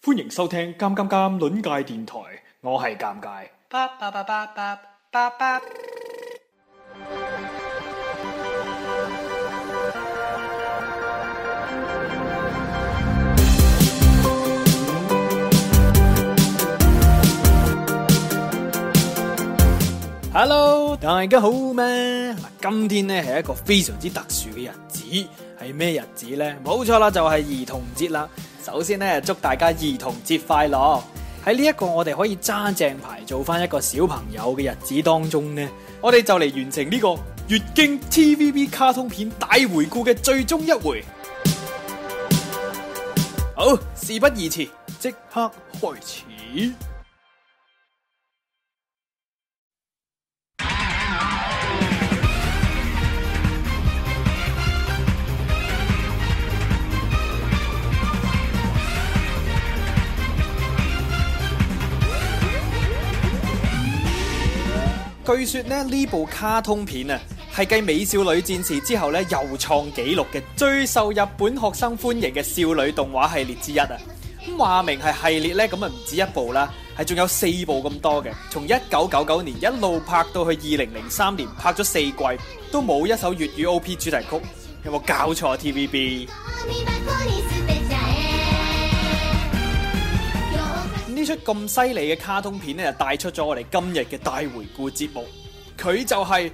歡迎收聽《尷尷尷》論界電台，我係尷尬。Hello，大家好咩？今天呢係一個非常之特殊嘅日子，係咩日子咧？冇錯啦，就係、是、兒童節啦。首先咧，祝大家兒童節快樂！喺呢一個我哋可以揸正牌做翻一個小朋友嘅日子當中呢，我哋就嚟完成呢個《越經 TVB 卡通片大回顧》嘅最終一回。好，事不宜遲，即刻開始。據說咧，呢部卡通片啊，係繼《美少女戰士》之後咧，又創紀錄嘅最受日本學生歡迎嘅少女動畫系列之一啊！咁話明係系列咧，咁啊唔止一部啦，係仲有四部咁多嘅，從一九九九年一路拍到去二零零三年，拍咗四季都冇一首粵語 O P 主題曲。有有、啊，有冇搞錯啊 T V B？呢出咁犀利嘅卡通片咧，就帶出咗我哋今日嘅大回顧節目。佢就係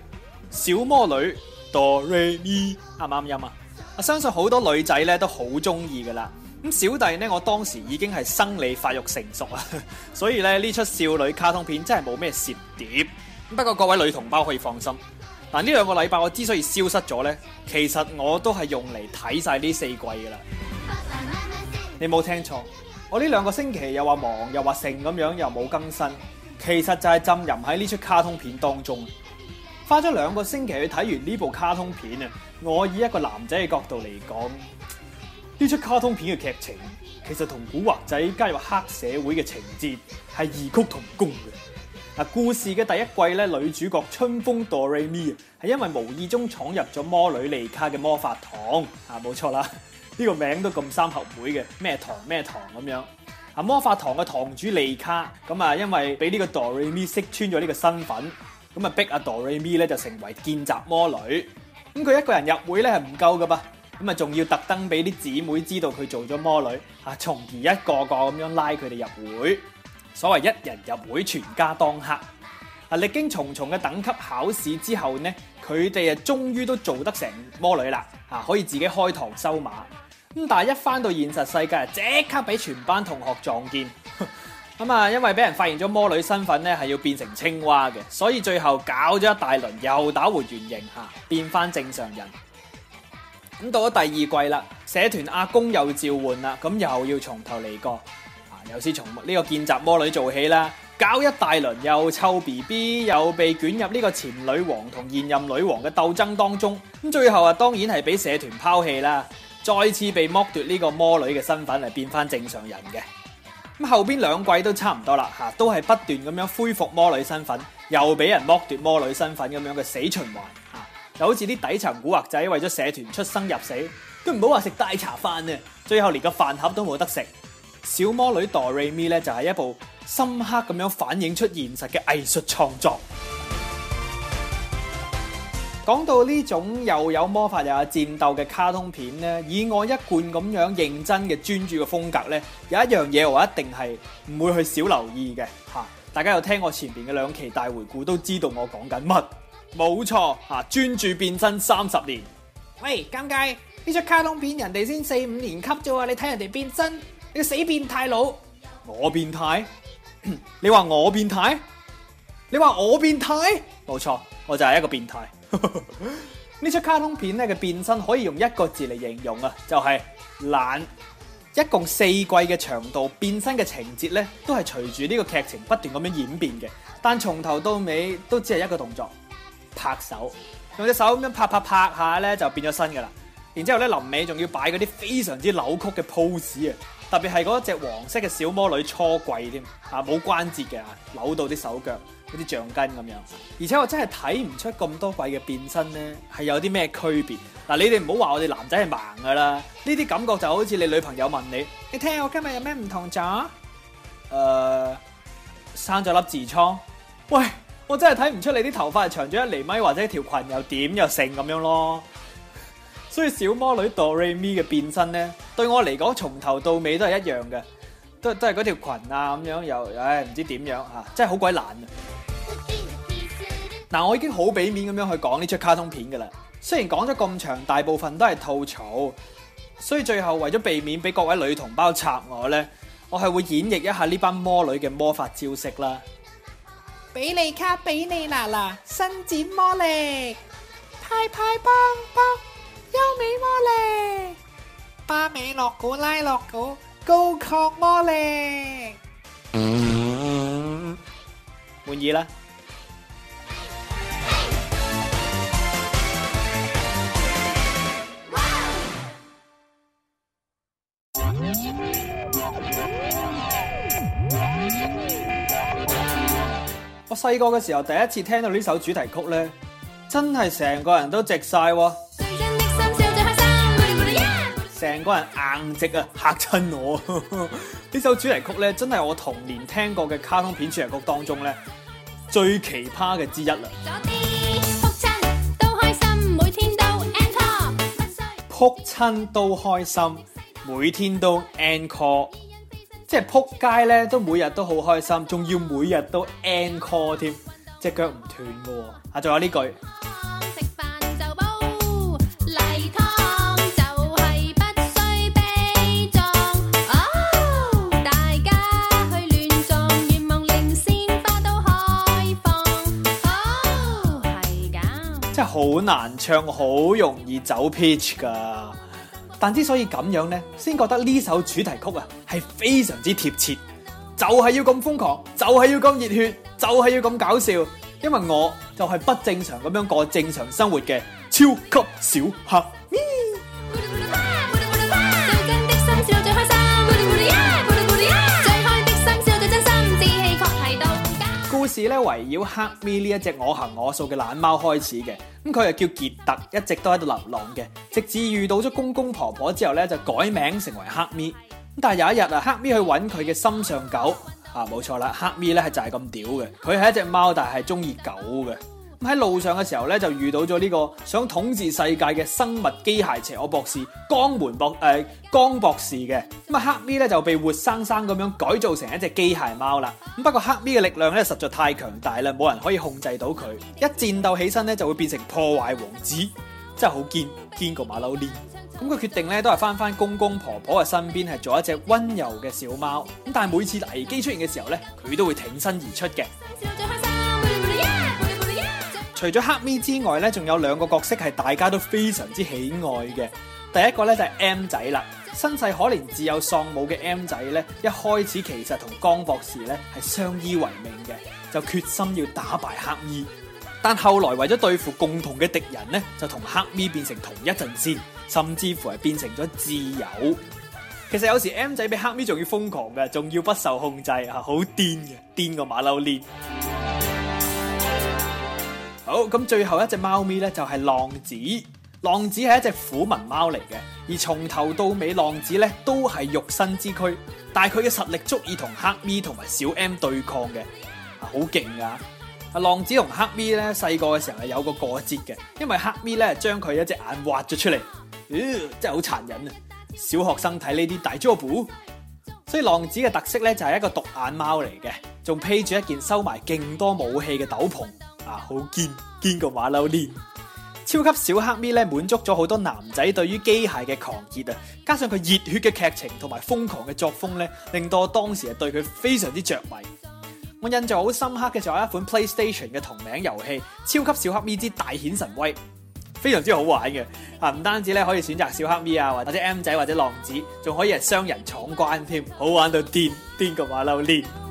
小魔女 Doremi，啱唔啱音啊？我相信好多女仔咧都好中意噶啦。咁小弟呢，我當時已經係生理發育成熟啊，所以咧呢出少女卡通片真係冇咩涉碟。不過各位女同胞可以放心。嗱，呢兩個禮拜我之所以消失咗呢，其實我都係用嚟睇晒呢四季噶啦。你冇聽錯。我呢兩個星期又話忙又話剩咁樣，又冇更新，其實就係浸淫喺呢出卡通片當中。花咗兩個星期去睇完呢部卡通片啊！我以一個男仔嘅角度嚟講，呢出卡通片嘅劇情其實同古惑仔加入黑社會嘅情節係異曲同工嘅。嗱，故事嘅第一季咧，女主角春風 Doremi 啊，係因為無意中闖入咗魔女利卡嘅魔法堂啊，冇錯啦。呢個名都咁三合會嘅，咩堂咩堂咁樣，魔法堂嘅堂主利卡咁啊，因為俾呢個 Doremi 識穿咗呢個身份，咁啊逼阿 Doremi 咧就成為見習魔女。咁佢一個人入會咧係唔夠噶噃，咁啊仲要特登俾啲姊妹知道佢做咗魔女，啊，從而一個個咁樣拉佢哋入會。所謂一人入會全家當客。啊，歷經重重嘅等級考試之後呢，佢哋啊終於都做得成魔女啦，啊，可以自己開堂收馬。咁但係一翻到現實世界，即刻俾全班同學撞見，咁啊，因為俾人發現咗魔女身份咧，係要變成青蛙嘅，所以最後搞咗一大輪，又打回原形吓，變翻正常人。咁到咗第二季啦，社團阿公又召喚啦，咁又要從頭嚟過，啊，又是從呢個見習魔女做起啦，搞一大輪，又湊 B B，又被捲入呢個前女王同現任女王嘅鬥爭當中，咁最後啊，當然係俾社團拋棄啦。再次被剝奪呢個魔女嘅身份，嚟變翻正常人嘅，咁後邊兩季都差唔多啦吓，都係不斷咁樣恢復魔女身份，又俾人剝奪魔女身份咁樣嘅死循環啊！又好似啲底層古惑仔為咗社團出生入死，都唔好話食大茶飯啊，最後連個飯盒都冇得食。小魔女 Doremi 咧，就係一部深刻咁樣反映出現實嘅藝術創作。講到呢種又有魔法又有戰鬥嘅卡通片咧，以我一貫咁樣認真嘅專注嘅風格咧，有一樣嘢我一定係唔會去少留意嘅吓。大家有聽我前邊嘅兩期大回顧都知道我講緊乜，冇錯吓。專注變身三十年，喂，尷尬！呢出卡通片人哋先四五年級啫，你睇人哋變身，你個死變態佬！我變態？ 你話我變態？你話我變態？冇錯，我就係一個變態。呢 出卡通片咧嘅變身可以用一個字嚟形容啊，就係懶。一共四季嘅長度，變身嘅情節咧都係隨住呢個劇情不斷咁樣演變嘅。但從頭到尾都只係一個動作，拍手，用隻手咁樣拍拍拍下咧就變咗身噶啦。然之後咧臨尾仲要擺嗰啲非常之扭曲嘅 pose 啊！特別係嗰隻黃色嘅小魔女初季添，啊冇關節嘅，扭到啲手腳，嗰啲橡筋咁樣。而且我真係睇唔出咁多季嘅變身呢，係有啲咩區別？嗱、啊，你哋唔好話我哋男仔係盲噶啦，呢啲感覺就好似你女朋友問你：你聽下我今日有咩唔同咋？誒、呃，生咗粒痔瘡。喂，我真係睇唔出你啲頭髮係長咗一厘米，或者條裙又點又剩咁樣咯。所以小魔女 Doremi 嘅變身咧，對我嚟講，從頭到尾都係一樣嘅，都都係嗰條裙啊咁樣又，唉、哎、唔知點樣嚇、啊，真係好鬼難啊！嗱、 啊，我已經好俾面咁樣去講呢出卡通片噶啦，雖然講咗咁長，大部分都係吐槽，所以最後為咗避免俾各位女同胞插我咧，我係會演繹一下呢班魔女嘅魔法招式啦。比利卡比利娜娜伸展魔力，派派幫幫。優美魔力，巴美洛古拉洛古，高亢魔力，滿意啦！我細個嘅時候第一次聽到呢首主題曲咧，真係成個人都直晒。成個人硬直啊，嚇親我！呢 首主題曲咧，真係我童年聽過嘅卡通片主題曲當中咧，最奇葩嘅之一啦。撲親都開心，每天都 Encore。撲親都開心，每天都 Encore。即係撲街咧，都每日都好開心，仲要每日都 Encore 添，隻腳唔斷喎。啊，仲有呢句。好難唱，好容易走 pitch 噶。但之所以咁樣呢，先覺得呢首主題曲啊係非常之貼切，就係要咁瘋狂，就係要咁熱血，就係要咁搞笑，因為我就係不正常咁樣過正常生活嘅超級小黑。是咧圍繞黑咪呢一隻我行我素嘅懶貓開始嘅，咁佢又叫杰特，一直都喺度流浪嘅，直至遇到咗公公婆婆之後咧就改名成為黑咪，咁但係有一日啊，黑咪去揾佢嘅心上狗，啊冇錯啦，黑咪咧係就係咁屌嘅，佢係一隻貓，但係係中意狗嘅。喺路上嘅時候咧，就遇到咗呢個想統治世界嘅生物機械邪惡博士江門博誒、呃、江博士嘅。咁啊，黑咪咧就被活生生咁樣改造成一隻機械貓啦。咁不過黑咪嘅力量咧實在太強大啦，冇人可以控制到佢。一戰鬥起身咧，就會變成破壞王子，真係好堅，堅過馬騮鏈。咁佢決定咧都係翻翻公公婆婆嘅身邊，係做一隻溫柔嘅小貓。咁但係每次危機出現嘅時候咧，佢都會挺身而出嘅。除咗黑咪之外咧，仲有兩個角色係大家都非常之喜愛嘅。第一個咧就係 M 仔啦，身世可憐、自幼喪母嘅 M 仔咧，一開始其實同江博士咧係相依為命嘅，就決心要打敗黑咪。但後來為咗對付共同嘅敵人咧，就同黑咪變成同一陣線，甚至乎係變成咗摯友。其實有時 M 仔比黑咪仲要瘋狂嘅，仲要不受控制，啊、好癲嘅、啊，癲個馬騮鏈。好咁，最後一隻貓咪咧就係、是、浪子。浪子係一隻虎紋貓嚟嘅，而從頭到尾浪子咧都係肉身之軀，但係佢嘅實力足以同黑咪同埋小 M 對抗嘅，好、啊、勁啊！浪子同黑咪咧細個嘅時候係有個過節嘅，因為黑咪咧將佢一隻眼挖咗出嚟、呃，真係好殘忍啊！小學生睇呢啲大抓捕，所以浪子嘅特色咧就係、是、一個獨眼貓嚟嘅，仲披住一件收埋勁多武器嘅斗篷。啊，好堅堅個馬騮 lin！超級小黑咪咧滿足咗好多男仔對於機械嘅狂熱啊！加上佢熱血嘅劇情同埋瘋狂嘅作風咧，令到我當時係對佢非常之着迷。我印象好深刻嘅就係一款 PlayStation 嘅同名遊戲《超級小黑咪之大顯神威》，非常之好玩嘅。啊，唔單止咧可以選擇小黑咪啊，或者 M 仔或者浪子，仲可以係雙人闖關添，好玩到癲癲個馬騮 lin。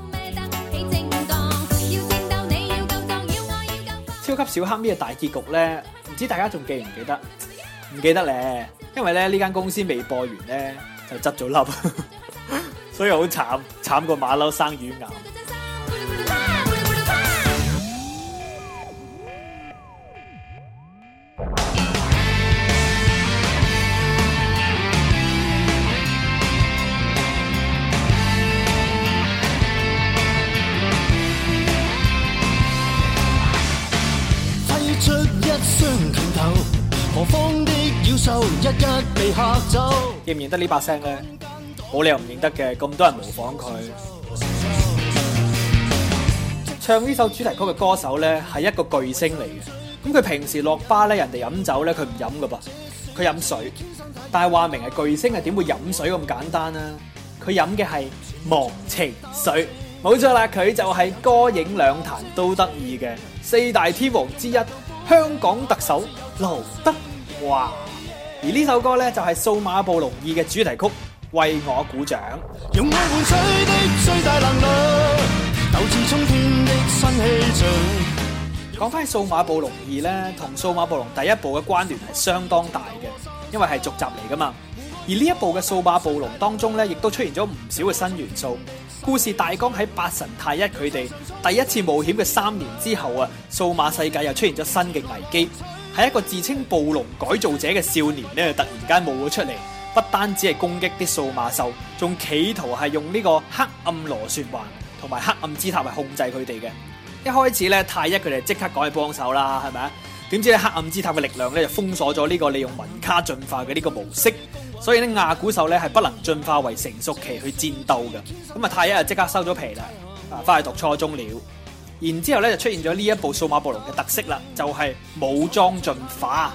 超級小黑嘅大結局呢？唔知大家仲記唔記得？唔記得咧，因為咧呢間公司未播完咧，就執咗笠，蛤 所以好慘，慘過馬騮生魚癌。認唔認得把聲？呢把聲咧，冇理由唔認得嘅，咁多人模仿佢。唱呢首主題曲嘅歌手咧，係一個巨星嚟嘅。咁佢平時落班咧，人哋飲酒咧，佢唔飲噶噃，佢飲水。但係話明係巨星，係點會飲水咁簡單啊？佢飲嘅係忘情水，冇錯啦，佢就係歌影兩壇都得意嘅四大天王之一，香港特首劉德華。而呢首歌咧就係、是《數碼暴龍二》嘅主題曲，為我鼓掌。用愛換取的最大能量，鬥志衝天的新氣象。講翻《數碼暴龍二》咧，同《數碼暴龍》第一部嘅關聯係相當大嘅，因為係續集嚟噶嘛。而呢一部嘅數碼暴龍當中咧，亦都出現咗唔少嘅新元素。故事大綱喺八神太一佢哋第一次冒險嘅三年之後啊，數碼世界又出現咗新嘅危機。係一個自稱暴龍改造者嘅少年咧，突然間冒咗出嚟，不單只係攻擊啲數碼獸，仲企圖係用呢個黑暗螺旋環同埋黑暗之塔嚟控制佢哋嘅。一開始咧，太一佢哋即刻趕去幫手啦，係咪啊？點知呢？黑暗之塔嘅力量咧就封鎖咗呢個利用紋卡進化嘅呢個模式，所以呢亞古獸咧係不能進化為成熟期去戰鬥嘅。咁啊，太一啊即刻收咗皮啦，啊，翻去讀初中了。然之後咧就出現咗呢一部數碼暴龍嘅特色啦，就係武裝進化，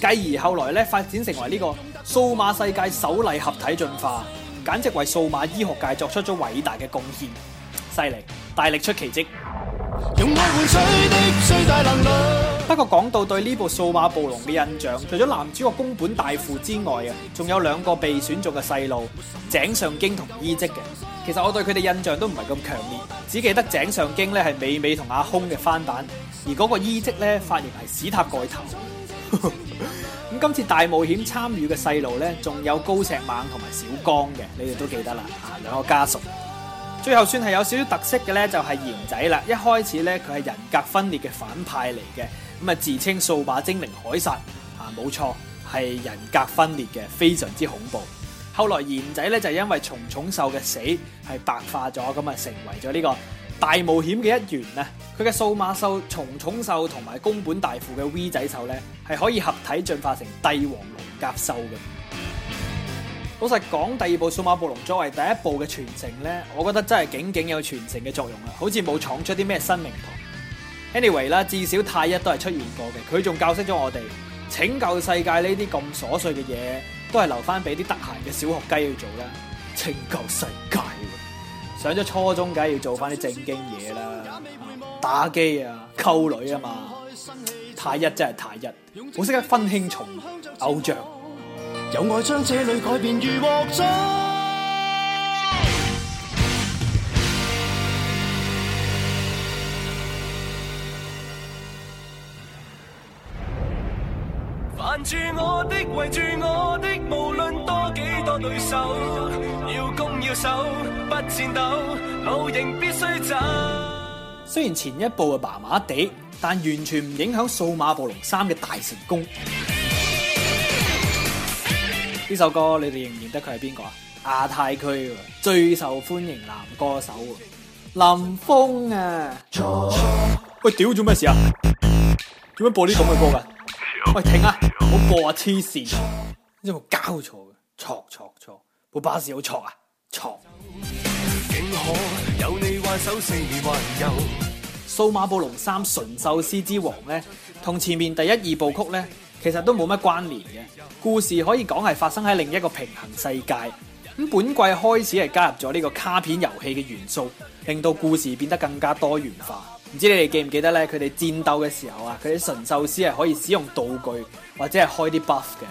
繼而後來咧發展成為呢個數碼世界首例合體進化，簡直為數碼醫學界作出咗偉大嘅貢獻，犀利大力出奇蹟，用愛換取的最大能量。不過講到對呢部數碼暴龍嘅印象，除咗男主角宮本大輔之外啊，仲有兩個被選中嘅細路井上京同伊織嘅。其實我對佢哋印象都唔係咁強烈，只記得井上京咧係美美同阿空嘅翻版，而嗰個伊織咧髮型係史塔蓋頭。咁 今次大冒險參與嘅細路咧，仲有高石猛同埋小光嘅，你哋都記得啦吓，兩個家屬。最後算係有少少特色嘅咧，就係、是、賢仔啦。一開始咧佢係人格分裂嘅反派嚟嘅。咁啊自稱數碼精靈凱撒啊，冇錯，係人格分裂嘅，非常之恐怖。後來賢仔咧就因為蟲蟲獸嘅死係白化咗，咁啊成為咗呢個大冒險嘅一員啊。佢嘅數碼獸蟲蟲獸同埋宮本大輔嘅 V 仔獸咧係可以合體進化成帝王龍甲獸嘅。老實講，第二部數碼暴龍作為第一部嘅傳承咧，我覺得真係僅僅有傳承嘅作用啊，好似冇闖出啲咩新名堂。Anyway 啦，至少太一都係出現過嘅，佢仲教識咗我哋拯救世界呢啲咁瑣碎嘅嘢，都係留翻俾啲得閒嘅小學雞去做啦。拯救世界，上咗初中梗係要做翻啲正經嘢啦，打機啊、溝女啊嘛。太一真係太一，好識得分輕重，偶像。有愛將這裡改變如獲住我的，圍住我的，無論多幾多對手，要攻要守，雖然前一部啊麻麻地，但完全唔影響《數碼暴龍三》嘅大成功。呢 首歌你哋認唔認得佢係邊個啊？亞太區最受歡迎男歌手林峰啊！喂，屌做咩事啊？做樣播呢咁嘅歌㗎？喂，停啊！唔好播啊，黐線！有冇搞錯錯錯錯！部巴士好錯啊？錯！數碼暴龍三馴獸師之王咧，同前面第一二部曲咧，其實都冇乜關聯嘅。故事可以講係發生喺另一個平衡世界。咁本季開始係加入咗呢個卡片遊戲嘅元素，令到故事變得更加多元化。唔知你哋記唔記得咧？佢哋戰鬥嘅時候啊，佢啲神獸師係可以使用道具或者係開啲 buff 嘅。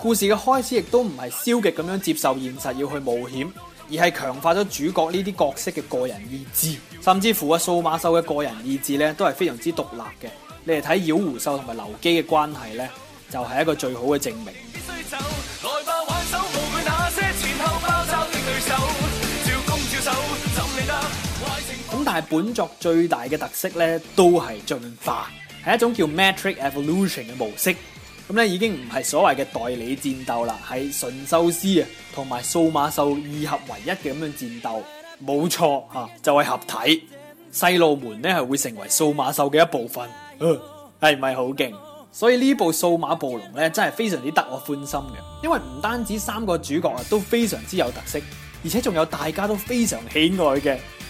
故事嘅開始亦都唔係消極咁樣接受現實要去冒險，而係強化咗主角呢啲角色嘅個人意志，甚至乎啊數碼獸嘅個人意志咧都係非常之獨立嘅。你哋睇妖狐獸同埋劉基嘅關係咧，就係一個最好嘅證明。但係本作最大嘅特色咧，都係進化，係一種叫 Metric Evolution 嘅模式。咁咧已經唔係所謂嘅代理戰鬥啦，係馴獸師啊，同埋數碼獸二合為一嘅咁樣戰鬥。冇錯吓，就係合體。細路們咧係會成為數碼獸嘅一部分，係咪好勁？所以呢部數碼暴龍咧真係非常之得我歡心嘅，因為唔單止三個主角啊都非常之有特色，而且仲有大家都非常喜愛嘅。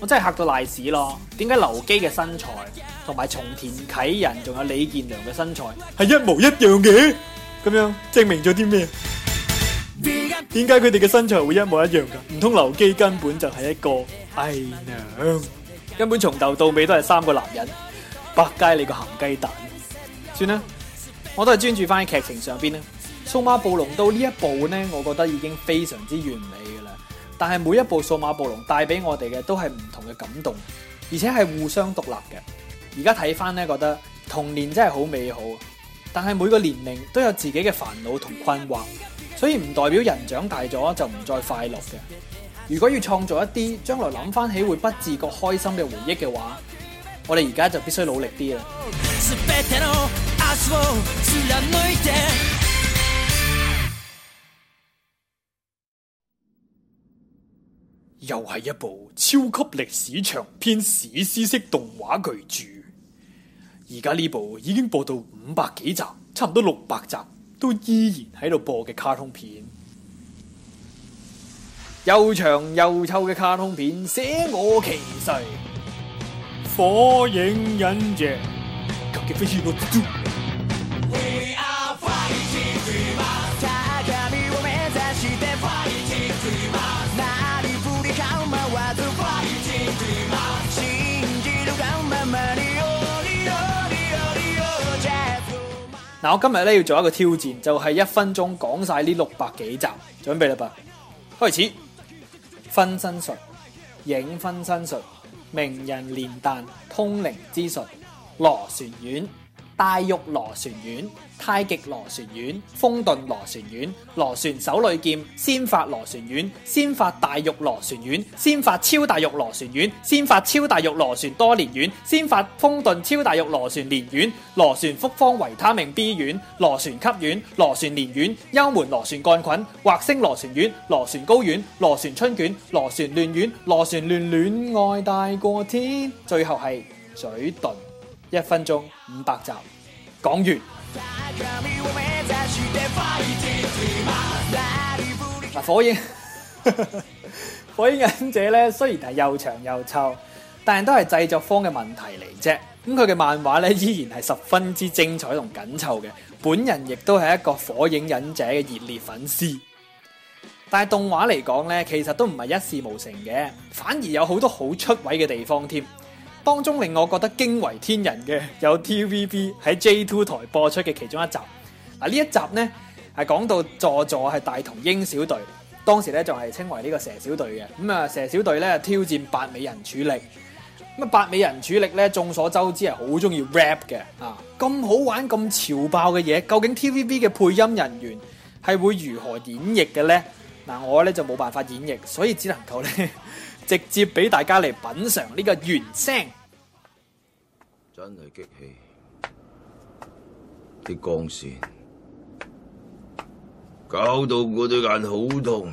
我真係嚇到賴屎咯！點解劉基嘅身材同埋松田啟人仲有李健良嘅身材係一模一樣嘅？咁樣證明咗啲咩？點解佢哋嘅身材會一模一樣噶？唔通劉基根本就係一個偽娘？根本從頭到尾都係三個男人！百佳你個鹹雞蛋！算啦，我都係專注翻喺劇情上邊啦。數碼暴龍到呢一步呢，我覺得已經非常之完美。但係每一部數碼暴龍帶俾我哋嘅都係唔同嘅感動，而且係互相獨立嘅。而家睇翻呢，覺得童年真係好美好。但係每個年齡都有自己嘅煩惱同困惑，所以唔代表人長大咗就唔再快樂嘅。如果要創造一啲將來諗翻起會不自覺開心嘅回憶嘅話，我哋而家就必須努力啲啦。又係一部超級歷史長篇史詩式動畫巨著，而家呢部已經播到五百幾集，差唔多六百集，都依然喺度播嘅卡通片。又長又臭嘅卡通片，捨我其誰？火影忍者，求其飛起我嗱，我今日呢要做一個挑戰，就係、是、一分鐘講晒呢六百幾集，準備啦吧？開始，分身術，影分身術，名人連彈，通靈之術，螺旋丸。大玉螺旋丸、太極螺旋丸、風遁螺旋丸、螺旋手裏劍、仙法螺旋丸、仙法大玉螺旋丸、仙法超大玉螺旋丸、仙法超大玉螺旋多連丸、仙法風遁超大玉螺旋連丸、螺旋複方維他命 B 丸、螺旋吸丸、螺旋連丸、幽門螺旋杆菌、惑星螺旋丸、螺旋高丸、螺旋春卷、螺旋亂丸、螺旋亂戀愛大過天，最後係水遁。一分鐘五百集講完。火影，呵呵，火影忍者咧，雖然係又長又臭，但係都係製作方嘅問題嚟啫。咁佢嘅漫畫咧，依然係十分之精彩同緊湊嘅。本人亦都係一個火影忍者嘅熱烈粉絲。但係動畫嚟講咧，其實都唔係一事無成嘅，反而有好多好出位嘅地方添。當中令我覺得驚為天人嘅有 TVB 喺 J2 台播出嘅其中一集，啊呢一集呢係講到座座係大同鷹小隊，當時呢就係稱為呢個蛇小隊嘅，咁、嗯、啊蛇小隊呢挑戰八美人主力，咁啊八美人主力呢眾所周知係好中意 rap 嘅，啊咁好玩咁潮爆嘅嘢，究竟 TVB 嘅配音人員係會如何演繹嘅呢？嗱、啊、我呢就冇辦法演繹，所以只能夠呢。 直接俾大家嚟品嚐呢個原聲，真係激氣！啲光線搞到我對眼好痛，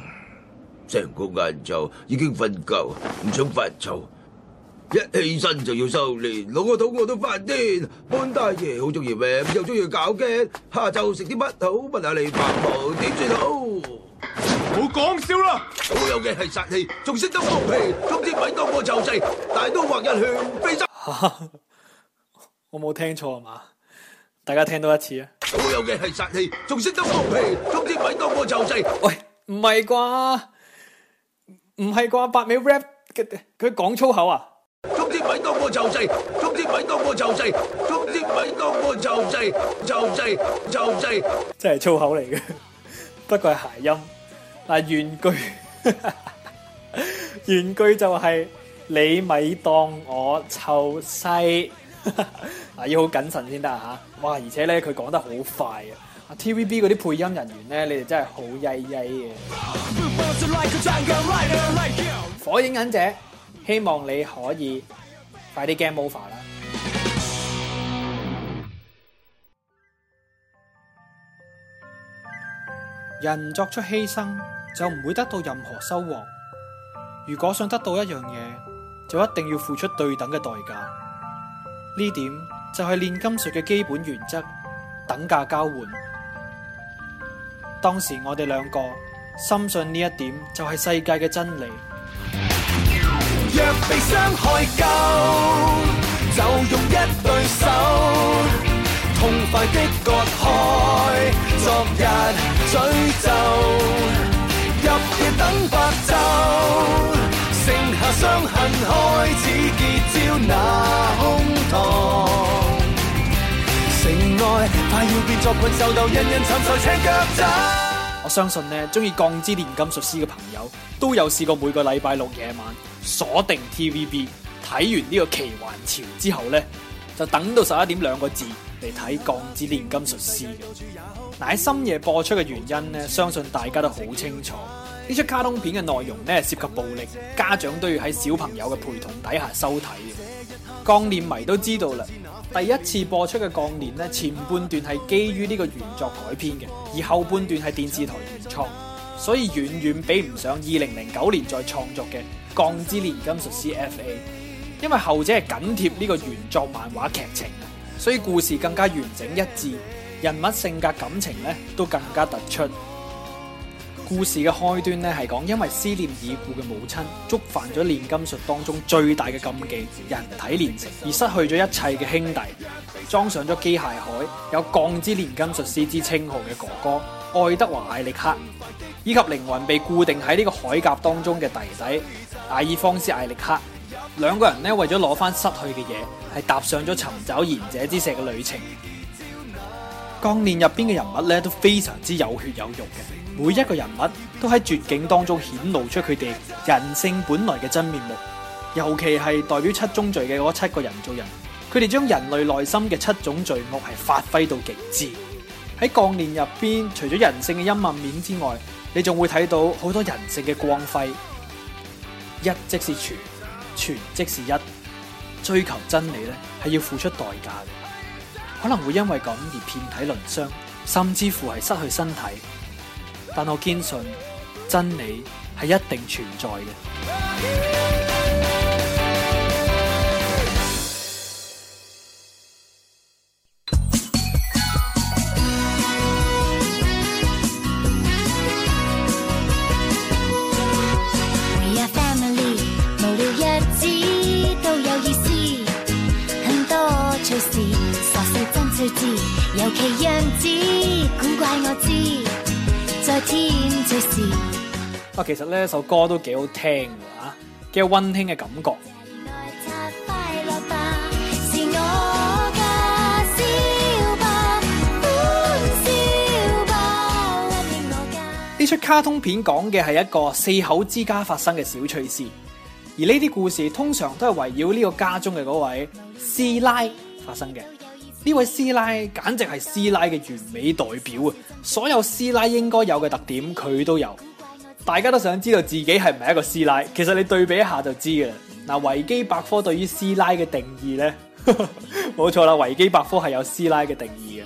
成個晏晝已經瞓覺，唔想發愁。一起身就要修煉，攞個肚我都發癲。潘大爺好中意玩，又中意搞驚，下晝食啲乜好？不打你發毛，點算好？我講笑啦！好有嘅係殺氣，仲識得放屁，總之咪當我就制，大刀劃人全被殺。我冇聽錯吖嘛？大家聽到一次啊！好有嘅係殺氣，仲識得放屁，總之咪當我就制。喂，唔係啩？唔係啩？八秒 rap 佢講粗口啊！總之咪當我就制，總之咪當我就制，總之咪當我就制，就制就制，真係粗口嚟嘅，不過係諧音。啊，原句哈哈。原句就係、是、你咪當我臭西。啊，要好謹慎先得吓？哇！而且咧佢講得好快啊！TVB 嗰啲配音人員咧，你哋真係好曳曳嘅。火影忍者，希望你可以快啲 game over 啦。人作出犧牲，就唔會得到任何收穫。如果想得到一樣嘢，就一定要付出對等嘅代價。呢點就係煉金術嘅基本原則——等價交換。當時我哋兩個深信呢一點就係世界嘅真理。若被傷害夠，就用一對手，痛快地割開昨日詛咒。我相信呢，中意《鋼之煉金術師》嘅朋友都有試過每個禮拜六夜晚鎖定 TVB 睇完呢個《奇幻潮》之後呢，就等到十一點兩個字嚟睇《鋼之煉金術師》。嗱，喺深夜播出嘅原因呢，相信大家都好清楚。呢出卡通片嘅內容咧涉及暴力，家長都要喺小朋友嘅陪同底下收睇嘅。鋼煉迷都知道啦，第一次播出嘅鋼煉咧前半段係基於呢個原作改編嘅，而後半段係電視台原創，所以遠遠比唔上二零零九年再創作嘅《鋼之煉金術師》F.A。因為後者係緊貼呢個原作漫畫劇情，所以故事更加完整一致，人物性格感情咧都更加突出。故事嘅開端咧，係講因為思念已故嘅母親，觸犯咗煉金術當中最大嘅禁忌——人體煉成，而失去咗一切嘅兄弟，裝上咗機械海有鋼之煉金術師之稱號嘅哥哥愛德華艾力克，以及靈魂被固定喺呢個鎧甲當中嘅弟弟阿爾方斯艾力克，兩個人呢，為咗攞翻失去嘅嘢，係踏上咗尋找賢者之石嘅旅程。鋼鍊入邊嘅人物咧都非常之有血有肉嘅。每一個人物都喺絕境當中顯露出佢哋人性本來嘅真面目，尤其係代表七宗罪嘅嗰七個人造人，佢哋將人類內心嘅七種罪惡係發揮到極致。喺《鋼鍊》入邊，除咗人性嘅陰暗面之外，你仲會睇到好多人性嘅光輝。一即是全，全即是一。追求真理咧係要付出代價嘅，可能會因為咁而遍體鱗傷，甚至乎係失去身體。但我堅信真理係一定存在嘅。We are family，無聊日子都有意思，很多趣事，傻事真趣事，尤其樣子古怪，怪我知。啊，其實呢首歌都幾好聽㗎嚇，幾有温馨嘅感覺。呢出卡通片講嘅係一個四口之家發生嘅小趣事，而呢啲故事通常都係圍繞呢個家中嘅嗰位師奶發生嘅。呢位師奶，簡直係師奶嘅完美代表啊！所有師奶應該有嘅特點，佢都有。大家都想知道自己係唔係一個師奶，其實你對比一下就知嘅啦。嗱，維基百科對於師奶嘅定義呢，冇 錯啦，維基百科係有師奶嘅定義嘅，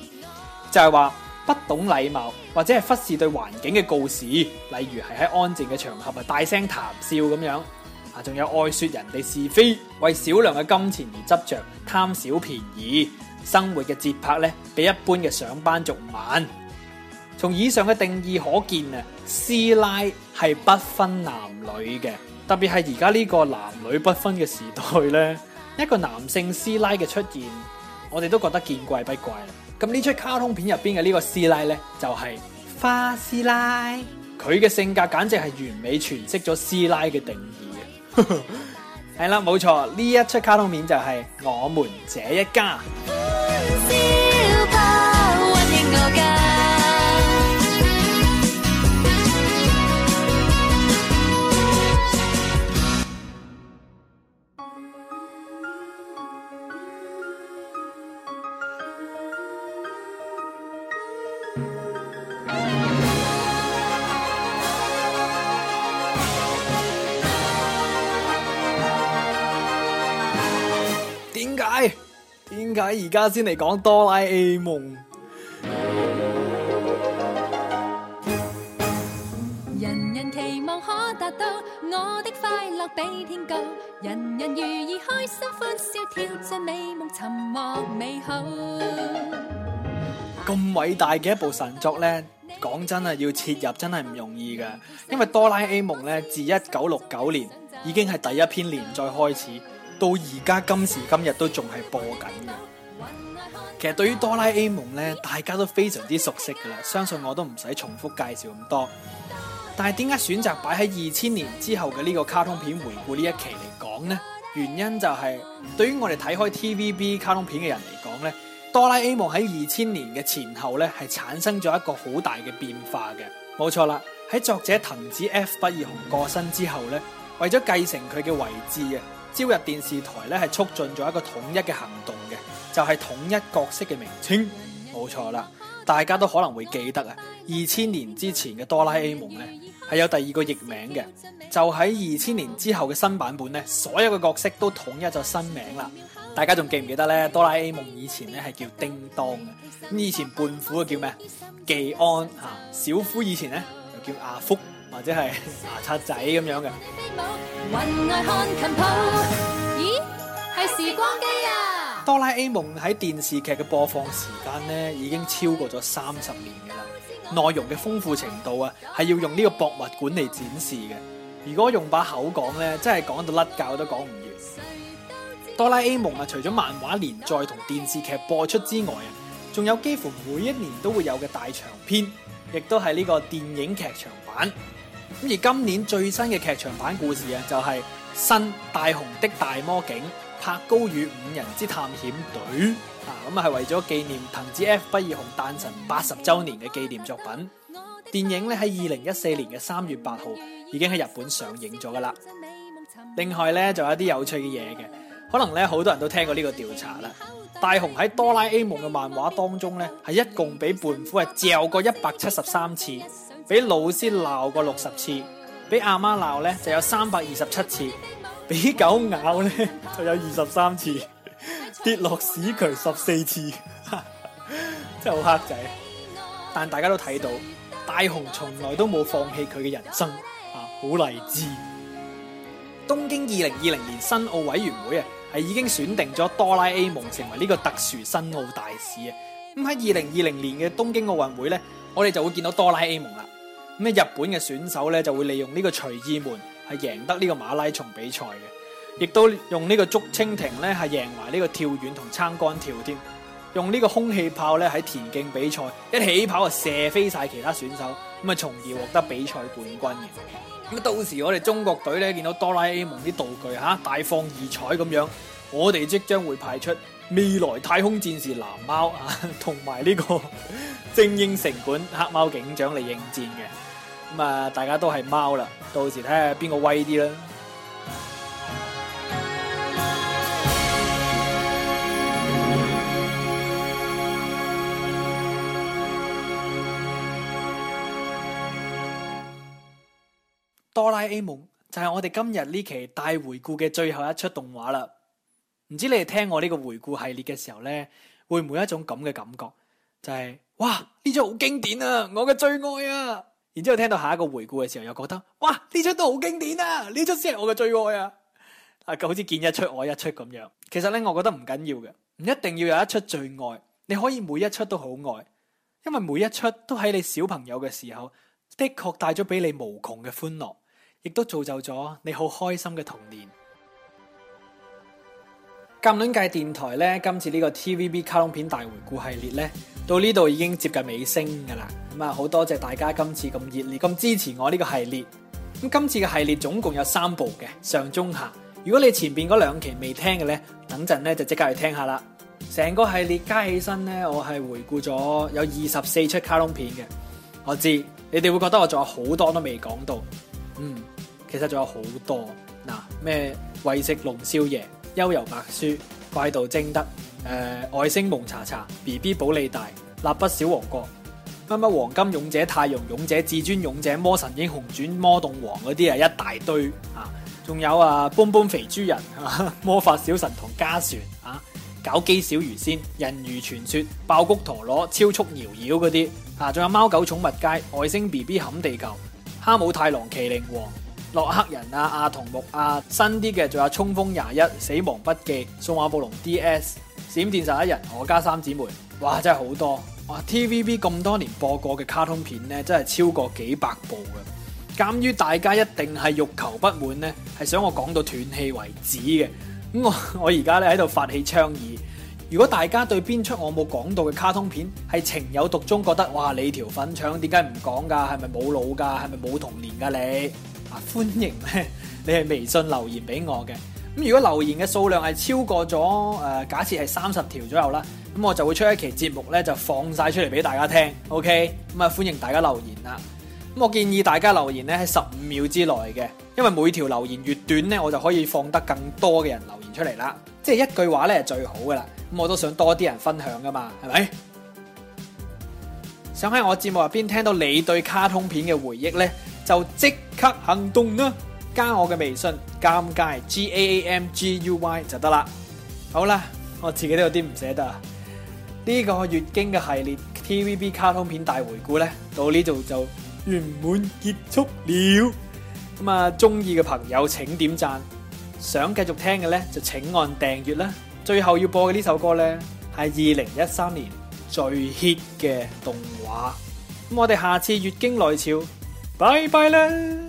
就係話不懂禮貌，或者係忽視對環境嘅告示，例如係喺安靜嘅場合啊，大聲談笑咁樣啊，仲有愛説人哋是非，為少量嘅金錢而執着，貪小便宜。生活嘅節拍咧，比一般嘅上班族慢。從以上嘅定義可見啊，師奶係不分男女嘅，特別係而家呢個男女不分嘅時代咧，一個男性師奶嘅出現，我哋都覺得見怪不怪。咁呢出卡通片入邊嘅呢個師奶咧，就係、是、花師奶，佢嘅性格簡直係完美詮釋咗師奶嘅定義啊！係 啦，冇錯，呢一出卡通片就係《我們這一家》。點解而家先嚟講哆啦 A 夢？人人期望可達到，我的快樂比天高。人人如意開心歡笑，笑，跳進美夢尋獲美好。咁偉大嘅一部神作呢，講真啊，要切入真係唔容易噶，因為哆啦 A 夢呢，自一九六九年已經係第一篇連載開始。到而家今時今日都仲係播緊嘅。其實對於哆啦 A 夢咧，大家都非常之熟悉噶啦，相信我都唔使重複介紹咁多。但係點解選擇擺喺二千年之後嘅呢個卡通片回顧呢一期嚟講呢？原因就係對於我哋睇開 TVB 卡通片嘅人嚟講咧，哆啦 A 夢喺二千年嘅前後咧係產生咗一個好大嘅變化嘅。冇錯啦，喺作者藤子 F 不二雄過身之後咧，為咗繼承佢嘅位置啊。朝日電視台咧，係促進咗一個統一嘅行動嘅，就係統一角色嘅名稱，冇錯啦。大家都可能會記得啊，二千年之前嘅哆啦 A 夢咧係有第二個譯名嘅，就喺二千年之後嘅新版本咧，所有嘅角色都統一咗新名啦。大家仲記唔記得咧？哆啦 A 夢以前咧係叫叮當嘅，咁以前胖虎嘅叫咩？技安嚇、啊，小夫以前咧就叫阿福。或者係牙刷仔咁樣嘅。咦，係時光機啊！哆啦 A 夢喺電視劇嘅播放時間咧，已經超過咗三十年嘅啦。內容嘅豐富程度啊，係要用呢個博物館嚟展示嘅。如果用把口講咧，真係講到甩教都講唔完。哆啦 A 夢啊，除咗漫畫連載同電視劇播出之外啊，仲有幾乎每一年都會有嘅大長篇，亦都係呢個電影劇場版。咁而今年最新嘅劇場版故事啊，就是，就係新大雄的大魔境拍高與五人之探險隊啊，咁啊係為咗紀念藤子 F 不二雄誕辰八十周年嘅紀念作品。電影咧喺二零一四年嘅三月八號已經喺日本上映咗噶啦。另外咧就有啲有趣嘅嘢嘅，可能咧好多人都聽過呢個調查啦。大雄喺哆啦 A 夢嘅漫畫當中咧係一共俾胖虎係嚼過一百七十三次。俾老師鬧過六十次，俾阿媽鬧咧就有三百二十七次，俾狗咬咧就有二十三次，跌落屎渠十四次， 真係好黑仔。但大家都睇到，大雄從來都冇放棄佢嘅人生，啊，好勵志。東京二零二零年申奧委員會啊，係已經選定咗哆啦 A 夢成為呢個特殊申奧大使啊。咁喺二零二零年嘅東京奧運會咧，我哋就會見到哆啦 A 夢啦。日本嘅選手咧就會利用呢個隨意門係贏得呢個馬拉松比賽嘅，亦都用呢個竹蜻蜓咧係贏埋呢個跳遠同撐杆跳添，用呢個空氣炮咧喺田徑比賽一起跑啊，射飛晒其他選手，咁啊從而獲得比賽冠軍嘅。咁到時我哋中國隊咧見到哆啦 A 夢啲道具吓大放異彩咁樣，我哋即將會派出未來太空戰士藍貓啊，同埋呢個精英城管黑貓警長嚟應戰嘅。咁啊，大家都係貓啦，到時睇下邊個威啲啦。哆啦 A 夢就係我哋今日呢期大回顧嘅最後一出動畫啦。唔知你哋聽我呢個回顧系列嘅時候呢，會唔會一種咁嘅感覺，就係哇呢張好經典啊，我嘅最愛啊！然之後聽到下一個回顧嘅時候，又覺得哇呢出都好經典啊！呢出先係我嘅最愛啊！啊，好似見一出愛一出咁樣。其實咧，我覺得唔緊要嘅，唔一定要有一出最愛，你可以每一出都好愛，因為每一出都喺你小朋友嘅時候，的確帶咗俾你無窮嘅歡樂，亦都造就咗你好開心嘅童年。監論界電台咧，今次呢個 TVB 卡通片大回顧系列咧，到呢度已經接近尾聲噶啦。咁啊，好多謝大家今次咁熱烈咁支持我呢個系列。咁今次嘅系列總共有三部嘅，上、中、下。如果你前邊嗰兩期未聽嘅咧，等陣咧就即刻去聽下啦。成個系列加起身咧，我係回顧咗有二十四出卡通片嘅。我知你哋會覺得我仲有好多都未講到，嗯，其實仲有好多嗱，咩《餵食龍宵夜》。幽遊白書、怪盜貞德、誒、呃、外星蒙查查、B B 保利大、蠟筆小王國、乜乜黃金勇者、太陽勇者、至尊勇者、魔神英雄傳、魔動王嗰啲啊，一大堆啊，仲有啊蹦蹦肥豬人、啊、魔法小神童家船啊，搞基小魚仙、人魚傳說、爆谷陀螺、超速搖搖嗰啲啊，仲有貓狗寵物街、外星 B B 冚地球、哈姆太郎、麒麟王。洛克人啊，阿童木啊，新啲嘅仲有衝鋒廿一、死亡筆記、數碼暴龍 DS、閃電十一人、我家三姊妹，哇，真係好多哇！TVB 咁多年播過嘅卡通片咧，真係超過幾百部嘅。鑒於大家一定係欲求不滿咧，係想我講到斷氣為止嘅咁，我我而家咧喺度發起倡議，如果大家對邊出我冇講到嘅卡通片係情有獨鍾，覺得哇，你條粉腸點解唔講噶？係咪冇腦噶？係咪冇童年噶你？啊，歡迎咧！你係微信留言俾我嘅。咁如果留言嘅數量係超過咗誒、呃，假設係三十條左右啦，咁我就會出一期節目咧，就放晒出嚟俾大家聽。OK，咁啊歡迎大家留言啦。咁我建議大家留言咧係十五秒之內嘅，因為每條留言越短咧，我就可以放得更多嘅人留言出嚟啦。即係一句話咧係最好噶啦。咁我都想多啲人分享噶嘛，係咪？想喺我節目入邊聽到你對卡通片嘅回憶咧，就即刻行動啦！加我嘅微信尷尬 G A A M G U Y 就得啦。好啦，我自己都有啲唔捨得啊。呢個月經嘅系列 TVB 卡通片大回顧呢，到呢度就圓滿結束了。咁啊，中意嘅朋友請點讚，想繼續聽嘅呢就請按訂閱啦。最後要播嘅呢首歌呢，係二零一三年最 hit 嘅動畫。咁我哋下次月經來潮。拜拜了。